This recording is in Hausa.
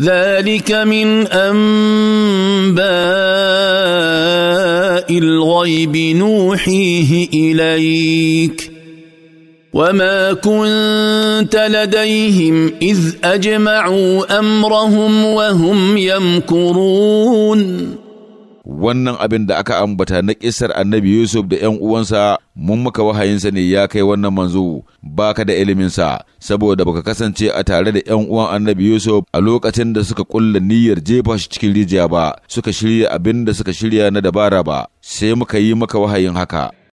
ذلك من انباء الغيب نوحيه اليك وما كنت لديهم اذ اجمعوا امرهم وهم يمكرون wannan abin da aka ambata na kisar annabi Yusuf da ‘yan uwansa mun maka wahayinsa ne ya kai wannan manzo baka da iliminsa saboda baka kasance a tare da ‘yan uwan annabi Yusuf a lokacin da suka kulla niyyar jefa shi cikin rijiya ba suka shirya abin da suka shirya na dabara ba sai muka yi maka wahayin haka.